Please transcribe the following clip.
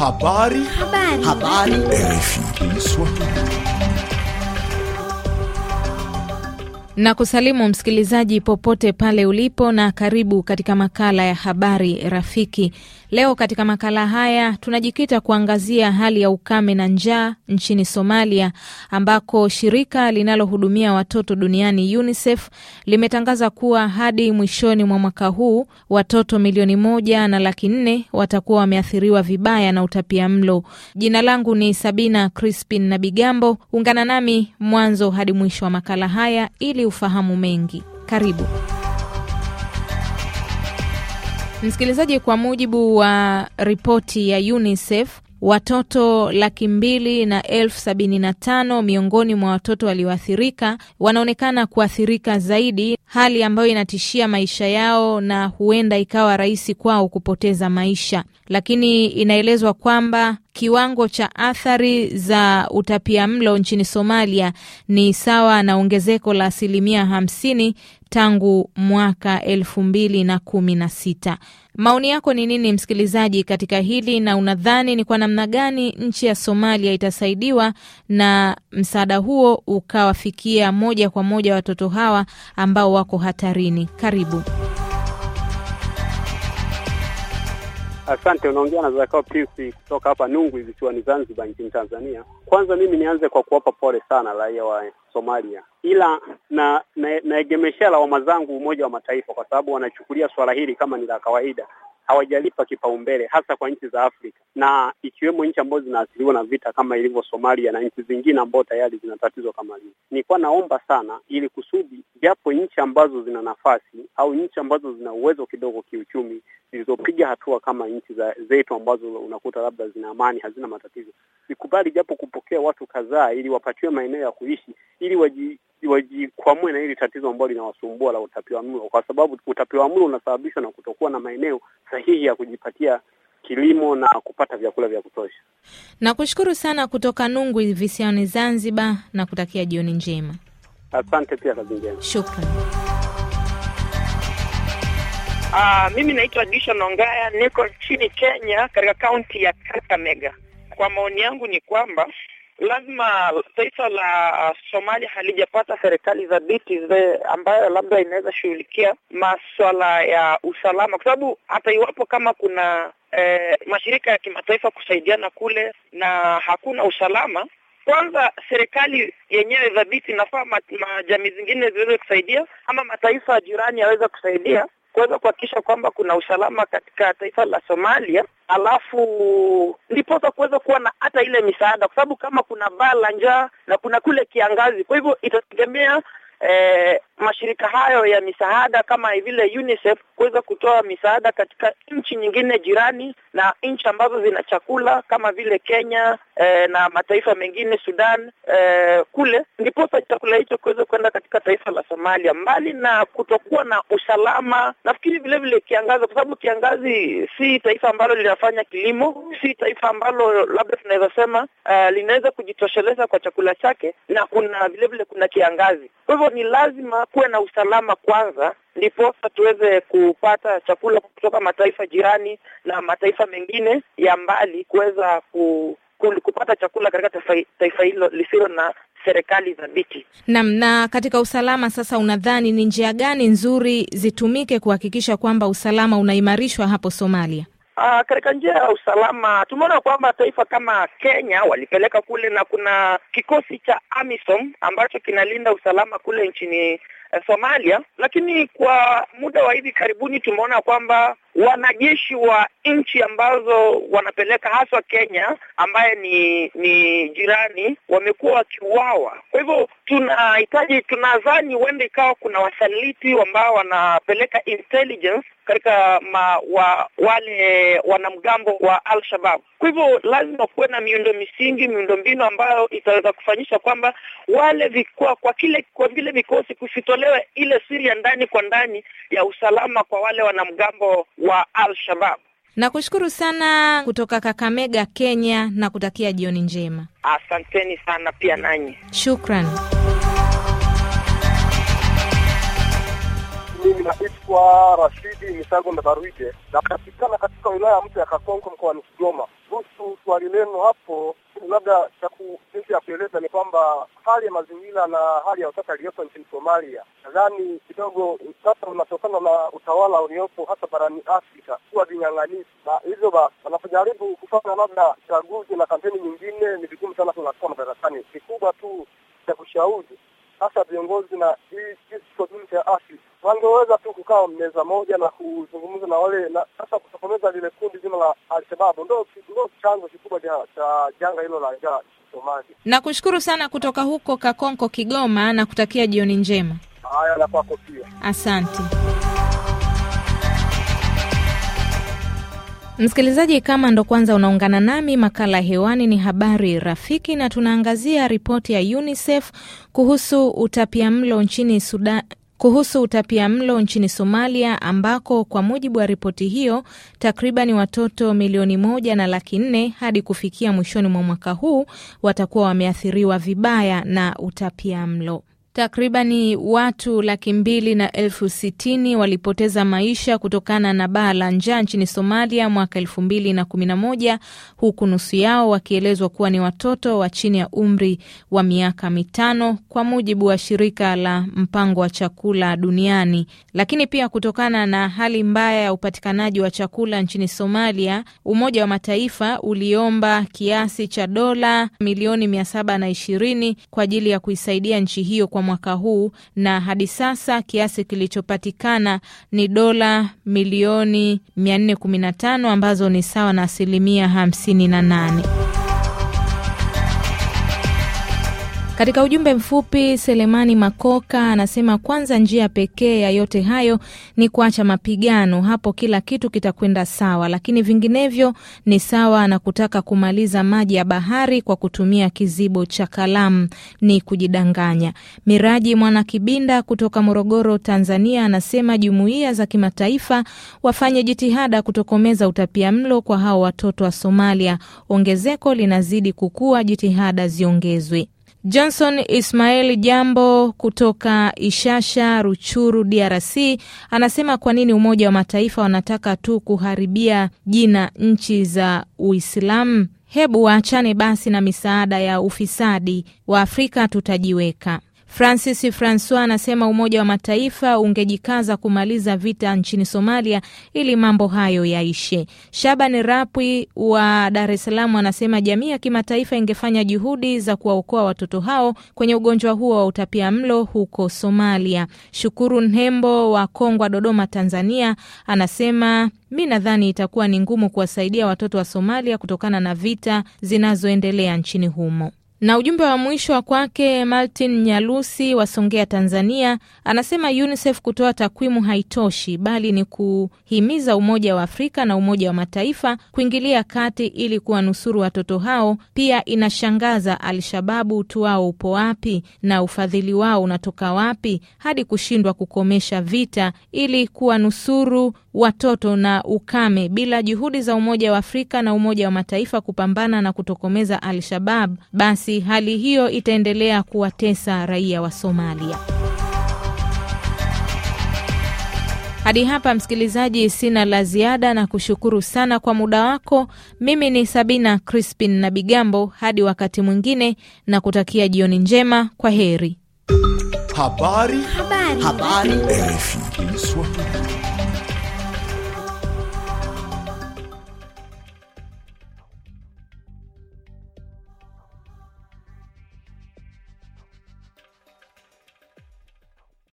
Habari. Habari. Habari. na kusalimu msikilizaji popote pale ulipo, na karibu katika makala ya habari rafiki. Leo katika makala haya tunajikita kuangazia hali ya ukame na njaa nchini Somalia, ambako shirika linalohudumia watoto duniani UNICEF limetangaza kuwa hadi mwishoni mwa mwaka huu watoto milioni moja na laki nne watakuwa wameathiriwa vibaya na utapia mlo. Jina langu ni Sabina Crispin na Bigambo. Ungana nami mwanzo hadi mwisho wa makala haya ili ufahamu mengi. Karibu. Msikilizaji, kwa mujibu wa ripoti ya UNICEF watoto laki mbili na elfu sabini na tano miongoni mwa watoto walioathirika wanaonekana kuathirika zaidi, hali ambayo inatishia maisha yao na huenda ikawa rahisi kwao kupoteza maisha, lakini inaelezwa kwamba kiwango cha athari za utapia mlo nchini Somalia ni sawa na ongezeko la asilimia hamsini tangu mwaka elfu mbili na kumi na sita. Maoni yako ni nini msikilizaji katika hili, na unadhani ni kwa namna gani nchi ya Somalia itasaidiwa na msaada huo ukawafikia moja kwa moja watoto hawa ambao wako hatarini? Karibu. Asante, unaongea na Zakao Pisi kutoka hapa Nungwi visiwani Zanzibar nchini Tanzania. Kwanza mimi nianze kwa kuwapa pole sana raia wa Somalia, ila na naegemeshea na lawama zangu Umoja wa Mataifa kwa sababu wanachukulia swala hili kama ni la kawaida, hawajalipa kipaumbele hasa kwa nchi za Afrika na ikiwemo nchi ambazo zinaathiriwa na vita kama ilivyo Somalia na nchi zingine ambazo tayari zina tatizo kama hili. Nilikuwa naomba sana ili kusudi japo nchi ambazo zina nafasi au nchi ambazo zina uwezo kidogo kiuchumi zilizopiga hatua kama nchi za zetu ambazo unakuta labda zina amani, hazina matatizo, zikubali japo kupokea watu kadhaa ili wapatiwe maeneo ya kuishi ili waji na hili tatizo ambalo linawasumbua la mlo kwa sababu mlo unasababishwa na kutokuwa na maeneo sahihi ya kujipatia kilimo na kupata vyakula vya kutosha. Nakushukuru sana kutoka Nungwi visiwani Zanzibar na kutakia jioni njema. Asante pia, kazi njema, shukrani. Uh, ah, mimi naitwa Disha Nongaya, niko nchini Kenya katika kaunti ya Kakamega. Kwa maoni yangu ni kwamba lazima taifa la Somalia halijapata serikali dhabiti ambayo labda inaweza shughulikia maswala ya usalama, kwa sababu hata iwapo kama kuna eh, mashirika ya kimataifa kusaidiana kule na hakuna usalama kwanza serikali yenyewe dhabiti inafaa majamii zingine ziweze kusaidia, ama mataifa jirani yaweze kusaidia kuweza kuhakikisha kwamba kuna usalama katika taifa la Somalia, alafu ndiposa kuweza kuwa na hata ile misaada, kwa sababu kama kuna baa la njaa na kuna kule kiangazi, kwa hivyo itategemea eh, mashirika hayo ya misaada kama vile UNICEF kuweza kutoa misaada katika nchi nyingine jirani na nchi ambazo zina chakula kama vile Kenya eh, na mataifa mengine Sudan eh, kule ndiposa chakula hicho kuweza kwenda katika taifa la Somalia, mbali na kutokuwa na usalama. Nafikiri vile vile kiangazi, kwa sababu kiangazi si taifa ambalo linafanya kilimo, si taifa ambalo labda tunaweza sema eh, linaweza kujitosheleza kwa chakula chake, na kuna vile vile kuna kiangazi, kwa hivyo hivyo ni lazima kuwe na usalama kwanza, ndiposa tuweze kupata chakula kutoka mataifa jirani na mataifa mengine ya mbali kuweza ku, kupata chakula katika taifa, taifa hilo lisilo na serikali biti Naam. Na katika usalama sasa, unadhani ni njia gani nzuri zitumike kuhakikisha kwamba usalama unaimarishwa hapo Somalia? Ah, katika njia ya usalama tumeona kwamba taifa kama Kenya walipeleka kule na kuna kikosi cha AMISOM ambacho kinalinda usalama kule nchini eh, Somalia, lakini kwa muda wa hivi karibuni tumeona kwamba wanajeshi wa nchi ambazo wanapeleka haswa Kenya ambaye ni ni jirani wamekuwa wakiuawa. Kwa hivyo tunahitaji, tunadhani huenda ikawa kuna wasaliti ambao wanapeleka intelligence katika ma, wa, wale wanamgambo wa Al-Shabaab. Kwa hivyo lazima kuwe na miundo misingi, miundo mbinu ambayo itaweza kufanyisha kwamba wale vikwa, kwa kile kwa vile vikosi kusitolewa ile siri ya ndani kwa ndani ya usalama kwa wale wanamgambo wa Al-Shabab. Nakushukuru sana kutoka Kakamega, Kenya, na kutakia jioni njema. Asanteni sana pia nanyi, shukran. Mimi naitwa Rashidi Misago Mbaruide, napatikana katika wilaya ya mtu ya Kakonko mkoani Kigoma. Kuhusu swali lenu hapo labda jinsi ya kueleza ni kwamba hali ya mazingira na hali ya utata iliyopo nchini Somalia, nadhani kidogo sasa unatokana na utawala uliopo hasa barani Afrika kuwa vinyang'anisi, na hivyo basi wanapojaribu kufanya labda chaguzi na kampeni nyingine, ni vigumu sana kunakuwa madarakani. Kikubwa tu cha kushauri hasa viongozi na hii ya Afrika wangeweza kukaa meza moja na kuzungumza na wale na sasa kutokomeza lile kundi zima la Alshababu, ndo ndo chanzo kikubwa cha janga hilo la njaa Somali. Na kushukuru sana kutoka huko Kakonko, Kigoma, na kutakia jioni njema. Haya, na kwako pia, asante. Msikilizaji, kama ndo kwanza unaungana nami, makala hewani ni habari rafiki, na tunaangazia ripoti ya UNICEF kuhusu utapia mlo nchini Sudan, kuhusu utapia mlo nchini Somalia, ambako kwa mujibu wa ripoti hiyo takribani watoto milioni moja na laki nne hadi kufikia mwishoni mwa mwaka huu watakuwa wameathiriwa vibaya na utapia mlo. Takribani watu laki mbili na elfu sitini walipoteza maisha kutokana na baa la njaa nchini Somalia mwaka elfu mbili na kumi na moja huku nusu yao wakielezwa kuwa ni watoto wa chini ya umri wa miaka mitano kwa mujibu wa shirika la mpango wa chakula duniani. Lakini pia kutokana na hali mbaya ya upatikanaji wa chakula nchini Somalia, Umoja wa Mataifa uliomba kiasi cha dola milioni mia saba na ishirini kwa ajili ya kuisaidia nchi hiyo kwa mwaka huu na hadi sasa kiasi kilichopatikana ni dola milioni 415 ambazo ni sawa na asilimia 58. Katika ujumbe mfupi, Selemani Makoka anasema kwanza, njia pekee ya yote hayo ni kuacha mapigano, hapo kila kitu kitakwenda sawa, lakini vinginevyo ni sawa na kutaka kumaliza maji ya bahari kwa kutumia kizibo cha kalamu, ni kujidanganya. Miraji Mwanakibinda kutoka Morogoro, Tanzania, anasema jumuiya za kimataifa wafanye jitihada kutokomeza utapia mlo kwa hao watoto wa Somalia. Ongezeko linazidi kukua, jitihada ziongezwe. Johnson Ismael Jambo kutoka Ishasha, Ruchuru, DRC anasema kwa nini Umoja wa Mataifa wanataka tu kuharibia jina nchi za Uislamu? Hebu waachane basi na misaada ya ufisadi, wa afrika tutajiweka. Francis Francois anasema Umoja wa Mataifa ungejikaza kumaliza vita nchini Somalia ili mambo hayo yaishe. Shaban Rapwi wa Dar es Salaam anasema jamii ya kimataifa ingefanya juhudi za kuwaokoa watoto hao kwenye ugonjwa huo wa utapia mlo huko Somalia. Shukuru Nhembo wa Kongwa, Dodoma, Tanzania anasema mi nadhani itakuwa ni ngumu kuwasaidia watoto wa Somalia kutokana na vita zinazoendelea nchini humo. Na ujumbe wa mwisho wa kwake Martin Nyalusi wa Songea, Tanzania, anasema UNICEF kutoa takwimu haitoshi, bali ni kuhimiza Umoja wa Afrika na Umoja wa Mataifa kuingilia kati ili kuwanusuru watoto hao. Pia inashangaza Alshababu utu wao upo wapi na ufadhili wao unatoka wapi hadi kushindwa kukomesha vita ili kuwanusuru watoto na ukame bila juhudi za Umoja wa Afrika na Umoja wa Mataifa kupambana na kutokomeza Al-Shabab, basi hali hiyo itaendelea kuwatesa raia wa Somalia. Hadi hapa msikilizaji, sina la ziada na kushukuru sana kwa muda wako. Mimi ni Sabina Crispin na Bigambo, hadi wakati mwingine na kutakia jioni njema, kwa heri. Habari. Habari. Habari. Habari.